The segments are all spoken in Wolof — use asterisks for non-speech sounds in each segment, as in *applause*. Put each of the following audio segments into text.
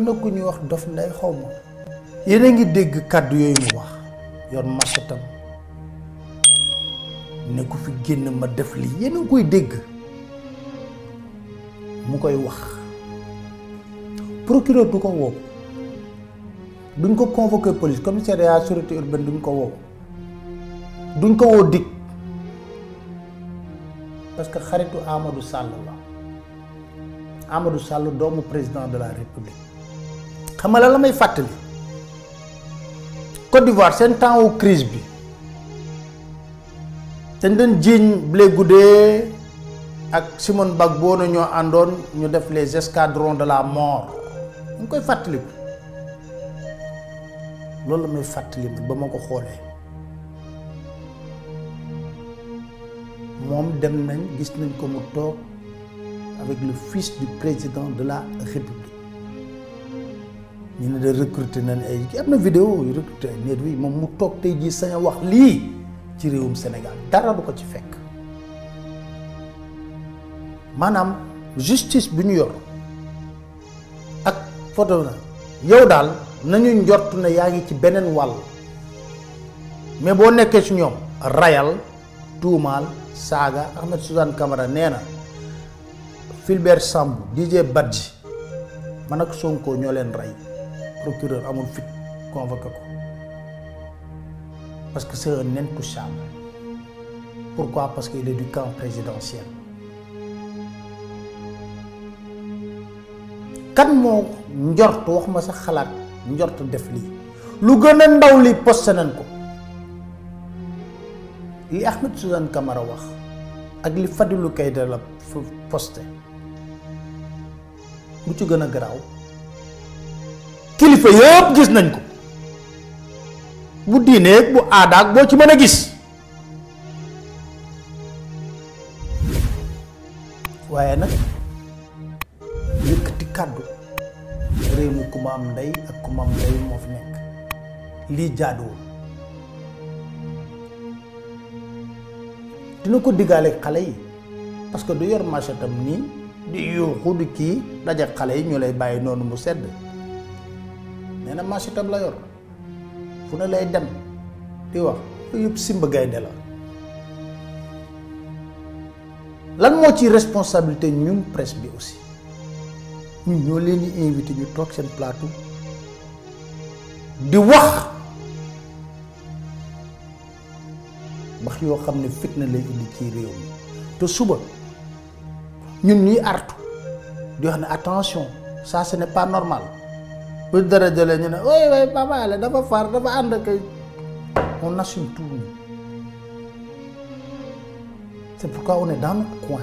am na ku ñuy wax Dof Ndeye xaw ma yéen a ngi dégg kàddu yooyu mu wax yor masatam ne ku fi génn ma def li yéen koy dégg mu koy wax procureur du ko woo duñ ko convoqué police commissariat sûreté urbaine duñ ko woo duñ ko woo dig parce que xaritu Amadou Sall la Amadou Sall doomu président de la République xam la may fàttali Côte d'Ivoire seen temps wu crise bi dañ doon jiiñ Blé Goudé ak Simone boo na ñoo àndoon ñu def les escadrons de la mort ñu koy fàttaliku loolu la may fàttaliku ba ma ko xoolee moom dem nañ gis nañ ko mu toog avec le fils du président de la République. ñu ne da recruter nañ ay am na vidéo yu recruter ay moom mu toog tey jii sañ wax lii ci réewum Sénégal dara du ko ci fekk maanaam justice bu ñu yor ak photo na yow daal nañu njort na yaa ngi ci beneen wàll mais boo nekkee si ñoom rayal tuumaal saaga Ahmed Suzanne Camara nee na Fulbert Sambou DJ Badji man ak Sonko ñoo leen rey procureur amul fit convoqué ko parce que c'est un intouchable pourquoi parce que il est du camp présidentiel kan moo njort wax ma sax xalaat njort def lii lu gën a ndaw li posté nañ ko li Ahmed Suzanne Camara wax ak li Fadilou Keïta la posté bu ci gën a garaaw kilifa yëpp gis nañ ko bu diineeg bu aadaag boo ci mën a gis waaye nag yëkkati kàddu réew mi ku ma am ndey ak ku ma am ndey moo fi nekk lii jaaduwul dina ko diggaale xale yi parce que du yor marché tam nii di yuuxu di kii daje xale yi ñu lay bàyyi noonu mu sedd nee na marché itam la yor fu ne lay dem di wax yooyu yëpp simba gaynde la lan moo ci responsabilité ñun presse bi aussi ñun ñoo leen di invité ñu toog seen plateau di wax wax yoo xam ne fitna lay indi ci réew mi te suba ñun ñuy artu di wax ne attention ça ce n'est pas normal buñ dara jëlee ne ooy waay Baba Alé dafa far dafa ànd ak on assume tout c'est pourquoi on est dans notre coin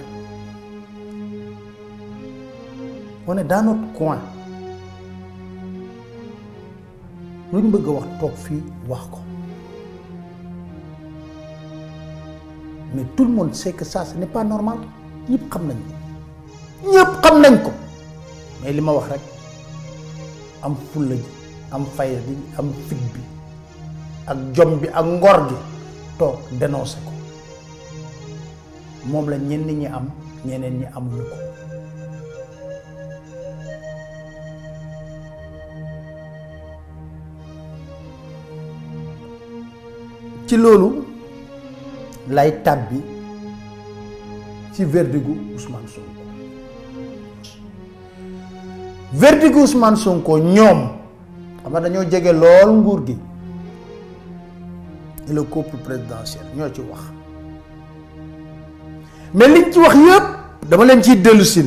est dans notre lu ñu bëgg a wax toog fii wax ko mais tout le monde sait que ça ce n'est pas normal ñëpp xam nañ ko ñëpp xam nañ ko mais li ma wax rek am fulla ji am fayda bi am fit bi ak jom bi ak ngor gi toog dénoncé ko moom la ñenn ñi am ñeneen ñi amuñu ko ci loolu lay tàbbi ci verdigu Ousmane Sonko verdict Ousmane Sonko ñoom xam nga dañoo jege lool nguur gi et le couple présidentiel ñoo ci wax mais liñ ci wax yëpp dama leen ciy dellu sin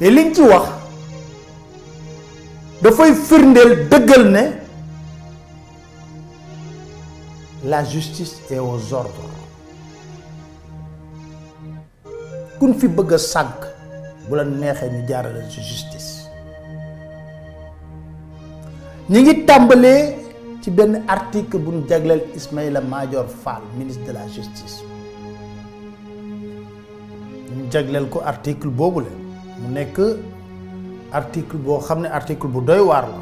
mais liñ ci wax dafay firndeel dëggal ne la justice est aux ordres kuñ fi bëgg a sànq bu la neexee ni jaarale ci justice ñi ngi tàmbalee ci benn article bu ñu jagleel Ismaïla Madior Fall ministre de la justice ñu jagleel ko article boobu la mu nekk article boo xam ne article bu doy waar la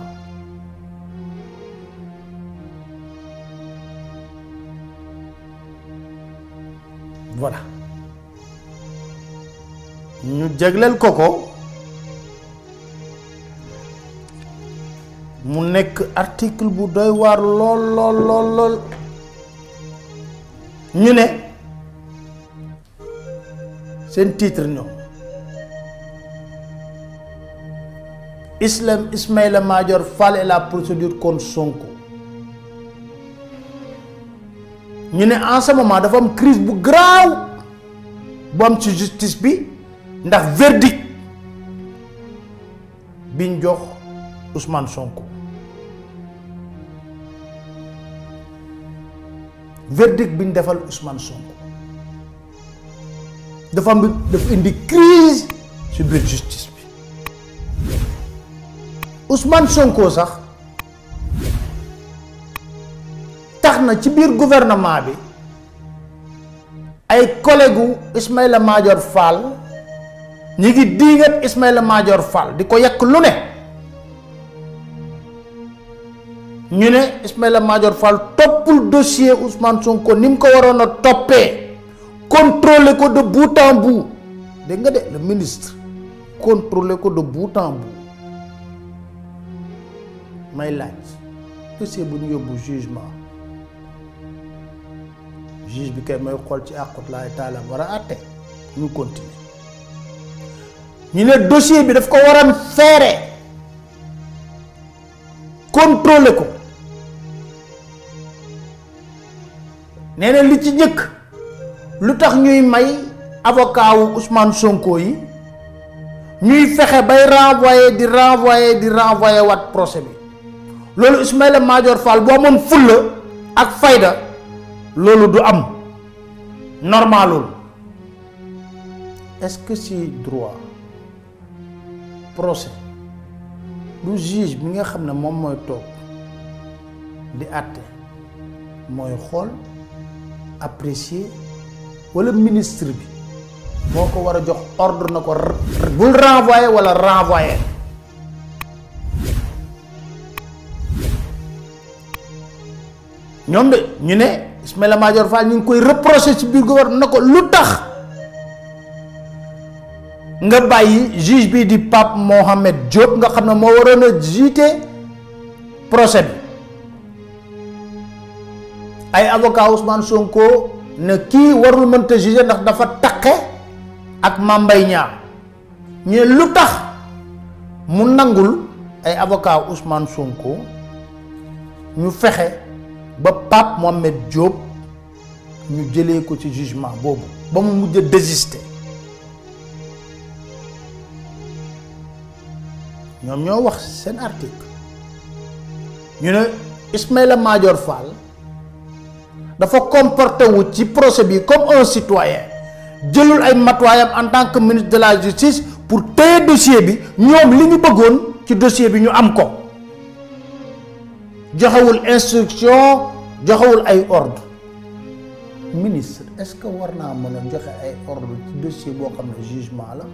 ñu jagleel ko ko mu nekk article bu doy waar lool lool lool ñu ne seen titre ñoom Islam Ismaïla Madior Fall et la procédure contre Sonko ñu ne en ce moment dafa am crise bu graaw bu am ci justice bi ndax verdict biñ jox Ousmane Sonko verdict biñ defal Ousmane Sonko dafa am dafa indi crise ci biir justice bi Ousmane Sonko sax tax na ci biir gouvernement bi ay collègues Ismaïla Madior Fall. ñi ngi diiŋat Ismaïla Madior Fall di ko yekk lu ne ñu ne Ismaïla Madior Fall toppul dossier Ousmane Sonko ni mu ko waroon a toppee contrôler ko de bout en bout dégg nga de le ministre contrôler ko de bu en bout may laaj dossier bu ñu yóbbu jugement juge bi kay may xool ci àqut laay taalam war a àtte ñu continuer ñu ne dossier bi daf ko waram feere contrôler ko nee na li ci njëkk lu tax ñuy may avocat wu Sonko yi ñuy fexe bay renvoyer di renvoyer di renvoyé wat procès bi loolu Ismaïla Madior Fall boo amoon fulla ak fayda loolu du am normalul est-ce que c'est droit procès du juge bi nga xam ne moom mooy toog di àtte mooy xool apprécier walla ministre bi moo ko war a jox ordre na ko bul renvoyer walla renvoyer ñoom de ñu ne Ismaïla Madior Fall ñu ngi koy reprocher ci biir gouvernement na ko lu tax nga bàyyi juge bii di Pape Mohamed Diop nga xam ne moo waroon a jiite procès bi ay avocat Ousmane Sonko ne kii warul mënta juger ndax dafa taqe ak mambay Mbaye ñeen ñu lu tax mu nangul ay avocat Ousmane Sonko ñu fexe ba Pape Mohamed Diop ñu jële ko ci jugement boobu ba mu mujj a ñoom ñoo wax seen article ñu ne Ismaïla Madior Fall dafa comporté wu ci procès bi comme un citoyen jëlul ay matuwaayam en tant que ministre de la justice pour téye dossier bi ñoom li ñu bëggoon ci dossier bi ñu am ko joxewul instruction joxewul ay ordre ministre est-ce que war naa mën a joxe ay ordre ci dossier boo xam ne jugement la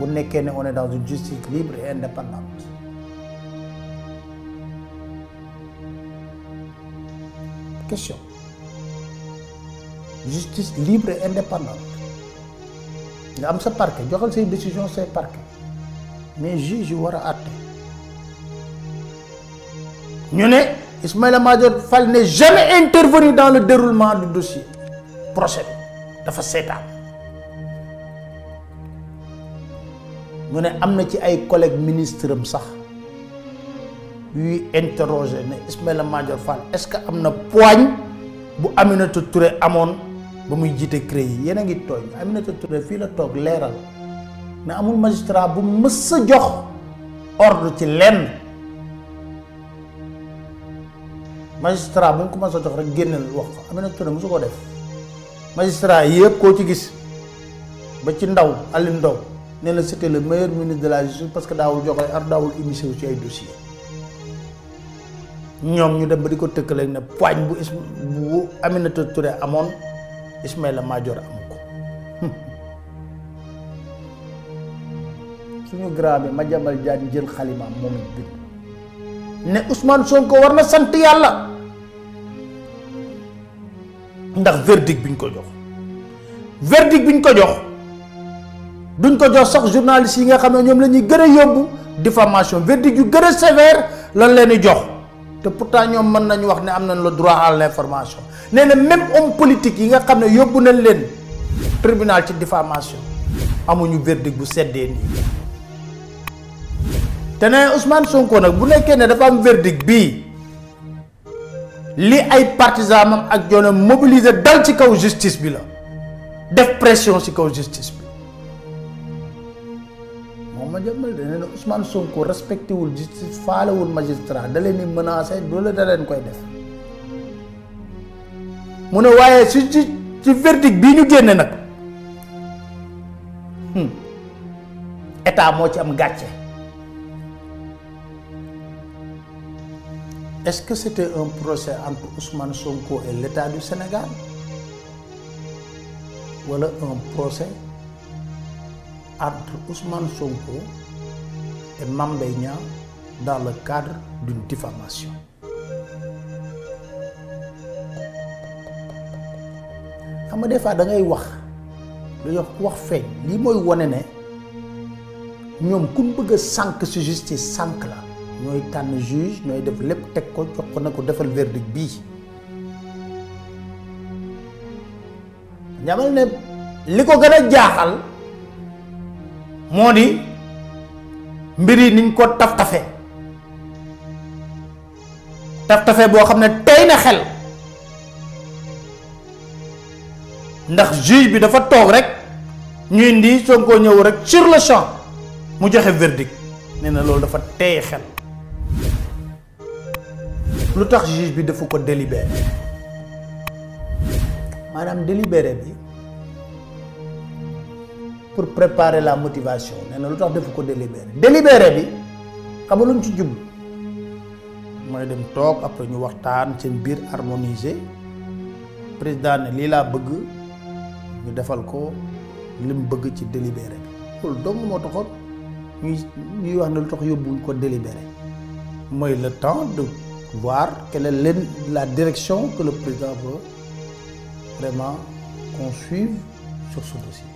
bu nekkee ne on est dans une justice libre indépendante question justice libre et indépendante nga am sa parquet joxal say décision say parquet mais juge yu war a àtte ñu ne Ismaïla Madior Fall n'est jamais intervenu dans le déroulement du dossier procès dafa seetaan mu ne am na ci ay collègue ministre am sax yuy interroger ne Ismaïla Madior Fall est-ce que am na poigne bu Aminata Touré amoon ba muy jiite CREI yi yéen a ngi tooñ Aminata Touré fii la toog leeral ne amul magistrat bu mës a jox ordre ci lenn magistrat bu mu ko mës jox rek génneel wax ko Aminata Touré mësu ko def magistrat yëpp koo ci gis ba ci ndaw Alioune nee na c'était le meilleur de la justice parce que daawul joxe ar daawul immiscé wu ci ay dossier dem ba di ko tëkkaleeg ne poigne bu is bu Aminata Touré amoon Ismaïla Madior amu ko *laughs* suñu grand bi Madiambal jël xalimaam ne Ousmane Sonko war na sant yàlla ndax verdict bi ñu ko jox verdict bi ñu ko jox. duñ ko jox sax journaliste yi nga xam ne ñoom la ñuy gën a yóbbu diffamation verdict yu gën a sévère lan leen di jox te pourtant ñoom mën nañu wax ne am nañ la droit à l' information nee na même homme politique yi nga xam ne yóbbu nañ leen tribunal ci diffamation amuñu verdict bu seddee nii te nee Ousmane Sonko nag bu nekkee ne dafa am verdict bi li ay partisans am ak yoonam mobiliser dal ci kaw justice bi la def pression ci kaw justice bi. moom ma jëmmal de ne Ousmane Sonko respecté wul justice faalewul magistrat da leen di menacé doole da leen koy def mu ne waaye si ci ci verdict bii ñu génne nag hmm, état moo ci am gàcce est-ce que c'était un procès entre Ousmane Sonko et l'État du Sénégal wala un procès entre Ousmane Sonko et Mame dans le cadre d'une diffamation. xam nga des fois da ngay wax feeñ lii mooy wone ne ñoom ku bëgg a sànq si justice sànq la ñooy tànn juge ñooy def lépp teg ko jox ko na ko defal verdict bii ñamal ne li ko gën a jaaxal. moo di mbir yi niñ ko taf tafe taf tafe boo xam ne tey na xel ndax juge bi dafa toog rek ñu indi Sonko ñëw rek sur le champ mu joxe verdict nee na loolu dafa tey xel lu tax juge bi dafa ko délibéré maanaam délibéré bi. pour préparer la motivation nee na lu tax defu ko délibéré délibéré bi xam nga lu ci jublu mooy dem toog après ñu waxtaan seen biir harmoniser président ne lii laa bëgg ñu defal ko mu bëgg ci délibéré bi loolu dong moo taxoon ñuy ñuy wax ne lu tax yóbbuñ ko délibéré mooy le temps de voir quelle est la direction que le président veut vraiment qu'on sur ce dossier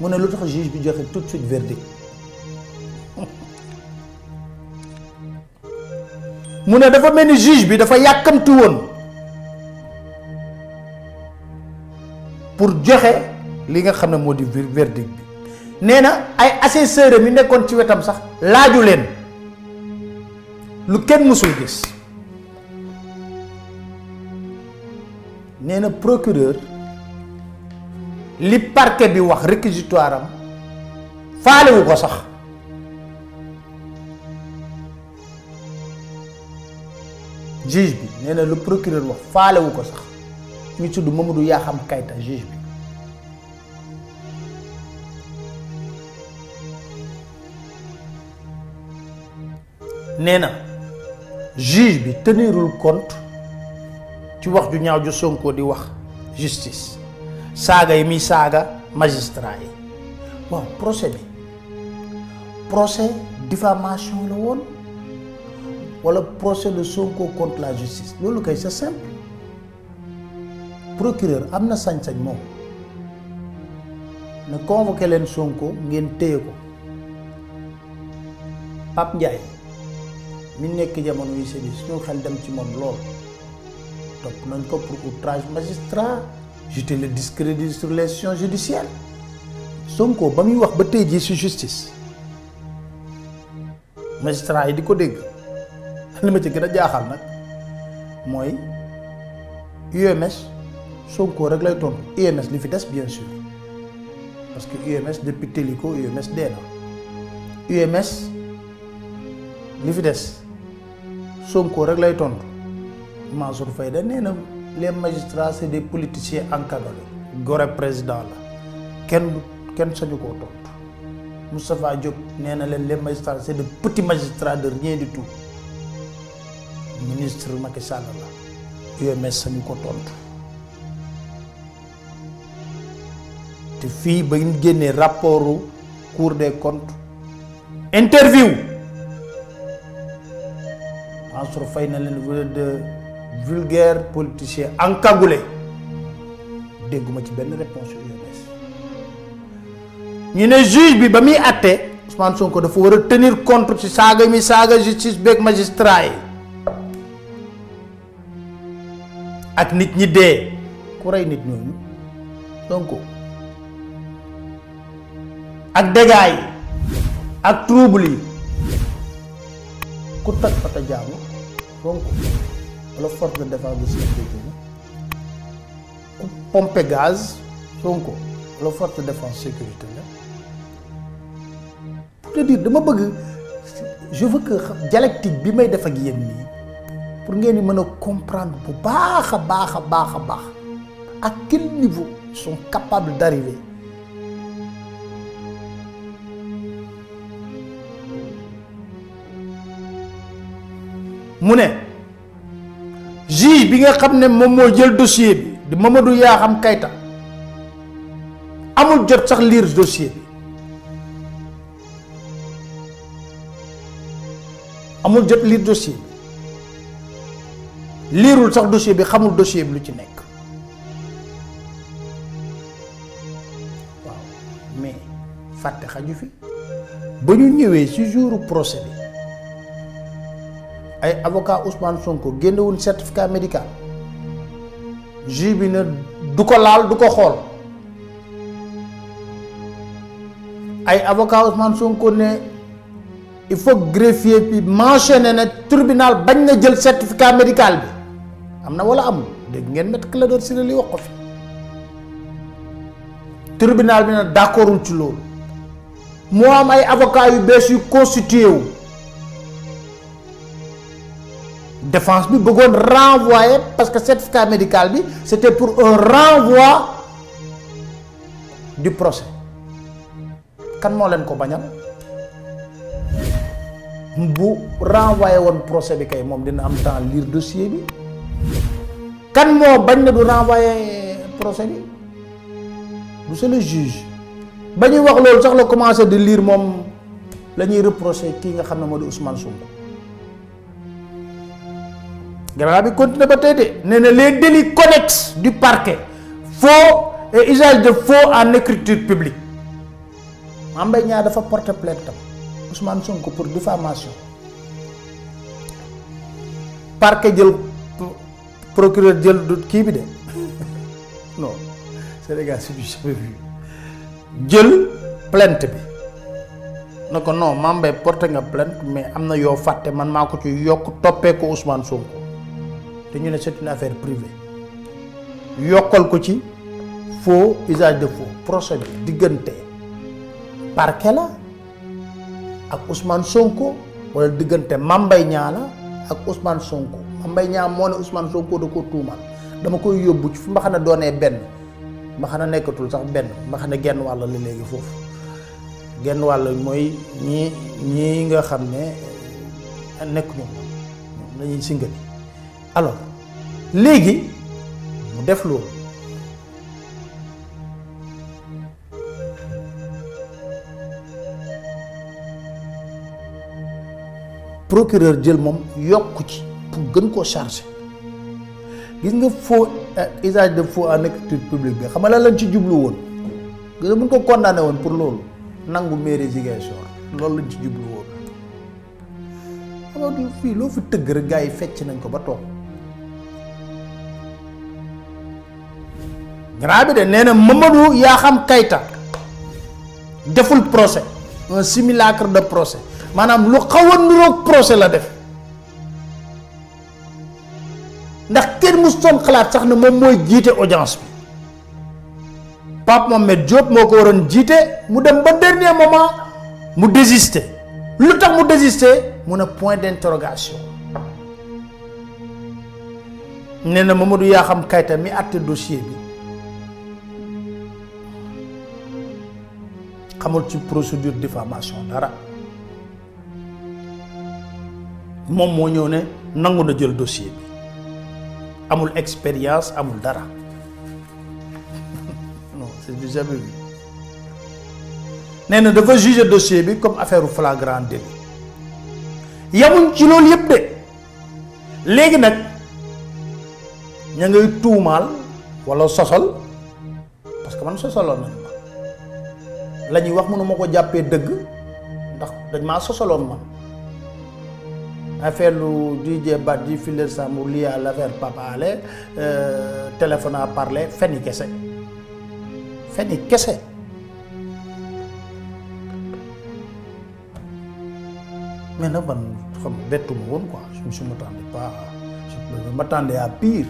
mu ne lu tax juge bi joxe tout de suite verdict mu ne dafa mel ni juge bi dafa yàkkamtu woon pour joxe li nga xam ne moo di verdict bi nee na ay assesseur mi nekkoon ci wetam sax laaju leen lu kenn mësul gis nee na procureur li parquet bi wax réquisitoire am faalewu ko sax juge bi nee lu procureur wax faalewu ko sax ñu tudd Mamadou Yaxam Kayta juge bi nee na juge bi tenirul compte ci wax ju ñaaw ju Sonko di wax justice saaga yi muy saaga magistra yi waaw procès bi procès diffamation la woon wala procès de Sonko contre la justice loolu kay c'est simple procureur am na sañ-sañ moom ne convoqué leen Sonko ngeen téye ko Pape Ndiaye mi nekk jamono yi seen suñu xel dem ci moom lool topp nañ ko pour outrage magistrat jeter le discrédit sur les questions judiciaires Sonko ba muy wax ba tey jii ci justice magistrat yi di ko dégg li ma ci gën a jaaxal nag mooy UMS Sonko rek lay tontu UMS li fi des bien sûr parce que UMS depuis Téliko UMS dee na UMS li fi des Sonko rek lay tontu Mansour Faye da nee na. les magistrats c'est des politiciens encadrés gore président la kenn kenn sañu koo tontu Moustapha Diop nee na leen les magistrats c'est de petits magistrats de rien du tout ministre Macky la UMS sañu ko tontu te fii ba ñu génnee rapportu Cour des comptes interview Mansour Faye na leen de vulgaire politicien encagoulé dégguma ci benn réponse yu bees ñu ne juge bi ba muy àtte Ousmane ko dafa war a tenir compte ci saaga mi saaga justice beeg magistrat yi ak nit ñi dee ku rey nit ñooñu Sonko ak dégâts yi ak trouble yi ku toj fa te jaamu wala force de défense de sécurité la dama bëgg je veux que dialectique bi may def ak yéen nii pour ngeen di mën a comprendre bu baax a baax a baax a baax à quel niveau ils sont d'arriver mu ne juge bi nga xam ne moom moo jël dossier bi di Mamadou Yaxam Kayta amul jot sax liir dossier bi amul jot lire dossier bi liirul sax dossier bi xamul dossier bi lu ci nekk mais fàtte xaju fi ba ñu ñëwee si jouru procès ay avocat Ousmane Sonko génnewuñ certificat médical juge bi ne du ko laal du ko xool ay avocat Ousmane Sonko ne il faut greffier bi mentionné ne tribunal bañ na jël certificat médical bi am na wala amul dégg ngeen met Clédor Ciré Ly wax ko fi tribunal bi na d'accordul ci loolu moo am ay avocat yu bees yu constitué wu défense bi bëggoon renvoyer parce que certificat médical bi c'était pour un renvoi du procès kan moo leen ko bañal bu renvoyé woon procès bi kay moom dina am temps lire dossier bi kan moo bañ na du renvoyé procès bi du c'est le juge ba ñuy wax loolu sax la commencé di liir moom la ñuy reprocher kii nga xam ne moo di Ousmane Sonko Gabriel bi continué ba tey de nee na les délits connexes du parquet faux et usage de faux en écriture publique Mame Mbaye dafa porte plainte tam Ousmane Sonko pour diffamation parquet jël procureur jël du kii bi de *laughs* non Sénégal c'est du jamais vu jël plainte bi na ko non Mame Mbaye porté nga plainte mais am na yoo fàtte man maa ko ci yokk toppee ko Ousmane Sonko. te ñu ne c'est une affaire privée yokkal ko ci faux usage de faux procès bi diggante parquet la ak Ousmane ko walla diggante Mame Mbaye Niang la ak Ousmane Sonko Mame Mbaye Niang moo ne Ousmane Sonko da koo tuumal dama koy yóbbu ci fu ma xam ne doonee benn ma xam nekkatul sax benn ma xam ne genn wàll la léegi foofu genn wàll mooy ñi ñi nga xam ne nekkuñu dañuy singali alors léegi mu def loolu procureur jël moom yokk ci pour gën koo chargé gis nga faux euh, usage de faux en écriture publique bi xam nga lan lañ ci jublu woon gis nga bu ñu ko condamné woon pour loolu nangu mairie Ziguinchor loolu lañ ci jublu woon xam nga fii loo fi tëgg rek gars yi fecc nañ ko ba toog. grand bi de nee na yaa xam Kayta deful procès un simulacre de procès maanaam lu xaw a niroog procès la def ndax kenn mu son xalaat sax ne moom mooy jiite audience bi Pape Mohamed Diop moo ko waroon jiite mu dem ba dernier moment mu désister lu tax mu désister mu ne point d'interrogation nee na yaa xam Kayta mi àtte dossier bi. xamul ci procédure diffamation dara moom moo ñëw ne nangu na jël dossier bi amul expérience amul dara *laughs* non c'est nee na dafa juger dossier bi comme affaire flagrant délit yamuñ ci loolu yëpp de léegi nag ña ngay tuumaal walla sosal parce que man sosaloon na lañuy wax mënu ma ko jàppee dëgg ndax dañ maa sosaloon man affaire lu DJ Bat di filer Sambour lié à l'affaire Papa Alé euh, téléphone à parler fenn kese fenn kese mais nag man xam bettuma woon quoi je me suis m'attendais pas je m'attendais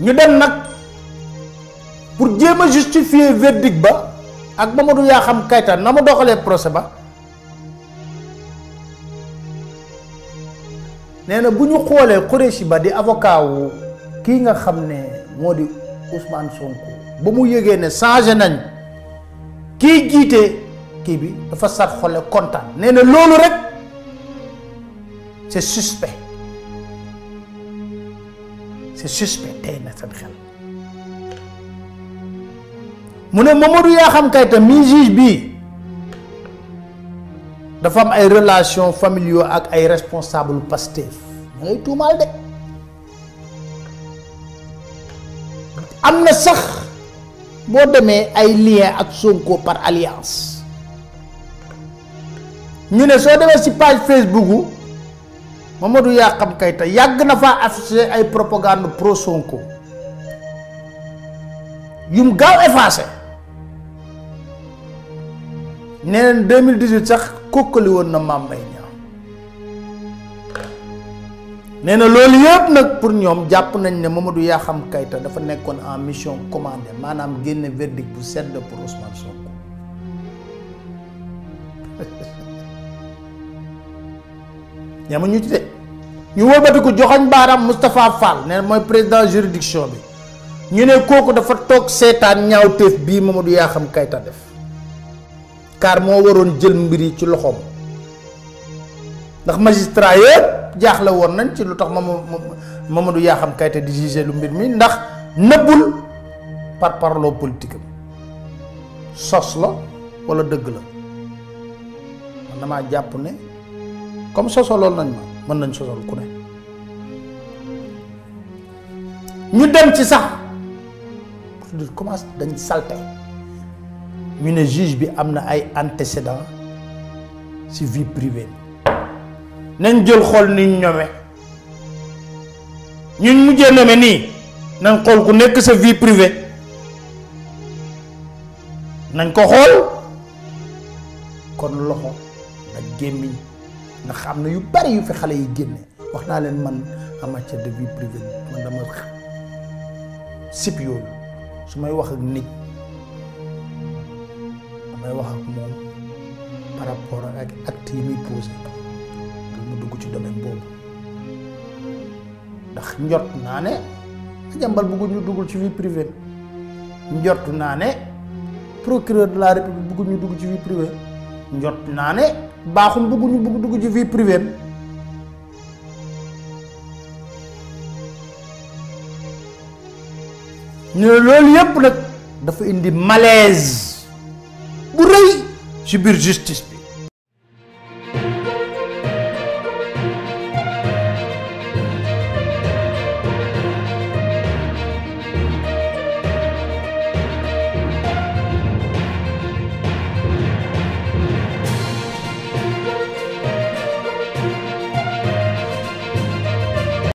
ñu dem nag. pour jéem a justifier verdict ba ak Mamadou xam Kayta na mu doxalee procès ba nee na bu ñu xoolee Khoureyssi Ba di avocat wu kii nga xam ne moo di Ousmane Sonko ba mu yëgee ne changé nañ kii jiite kii bi dafa sar xole kontaan nee na loolu rek c'est suspect c'est suspect tey na seen xel mu ne Mamadou Yaxam Kayta mi juge bi dafa am ay relations familiaux ak ay responsable Pastef da ngay tuumaal de am na sax boo demee ay lien ak Sonko par alliance ñu ne soo demee si page Facebook gu Mamadou xam Kayta yàgg na faa affiché ay propagande pro Sonko yum gaaw effacé neen 2018 sax kokkali woon na Mame na Niang nee na loolu yëpp nag pour ñoom jàpp nañ ne Mamadou xam Kayta dafa nekkoon en mission commandée maanaam génne verdict bu sedd pour Ousmane Sonko ñama *laughs* ñu ci de ñu wëlbatiku joxoñ baaraam Moustapha Fall nee na mooy président juridiction bi ñu ne kooku dafa toog seetaan ñaaw téef bii Mamadou Yaxam Kayta def car moo waroon jël mbir yi ci loxoom ndax magistrat yëpp jaaxle woon nañ ci lu tax Mamadou Yaxam Kayte di jugé lu mbir mi ndax nëbbul par parloo politique sos la wala dëgg la man damaa jàpp ne comme sosoloon nañ ma mën nañ sosol ku ne ñu dem ci sax commence dañ salte ñu ne juge bi am na ay antécédent ci vie privée nañ jël xool niñ ñome ñun mujjee nome nii nañ xool ku nekk sa vie privée nañ ko xool kon loxo nag gémmiñ ndax am na yu bari yu fi xale yi génne wax naa leen man en matière de vie privée man dama sip yoolu su may wax ak nit damay wax ak moom par rapport ak acte yi muy posé mu dugg ci domaine boobu ndax njot naa ne jàmbal bëgguñu duggul ci vie privée naa ne procureur de la république bëgguñu dugg ci vie privée njot naa ne baaxum bëgguñu bëgg dugg ci vie privée ne loolu yépp nag dafa indi malaise ci biir justice bi